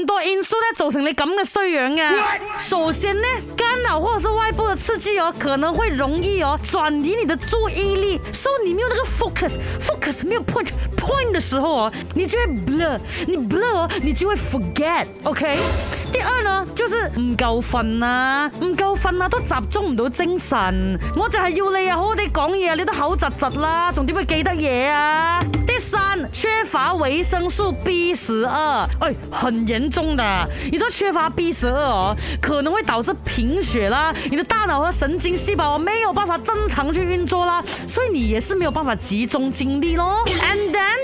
很多因素在造成你咁嘅衰樣嘅、啊。What? 首先呢，干擾或者是外部的刺激哦，可能會容易哦轉移你的注意力，所、so, 以你沒有這個 focus，focus 沒有 point，point point 的時候哦，你就會 blur，你 blur 哦，你就會 forget，OK、okay? 第二呢，就是唔夠瞓啦、啊，唔夠瞓啦、啊，都集中唔到精神。我就是要你啊，好好地講嘢啊，你都口窒窒啦，仲點會記得嘢啊？第三，缺乏維生素 B 十二，哎，很嚴重的。你都缺乏 B 十二哦，可能會導致貧血啦，你的大腦和神經細胞沒有辦法正常去運作啦，所以你也是沒有辦法集中精力咯。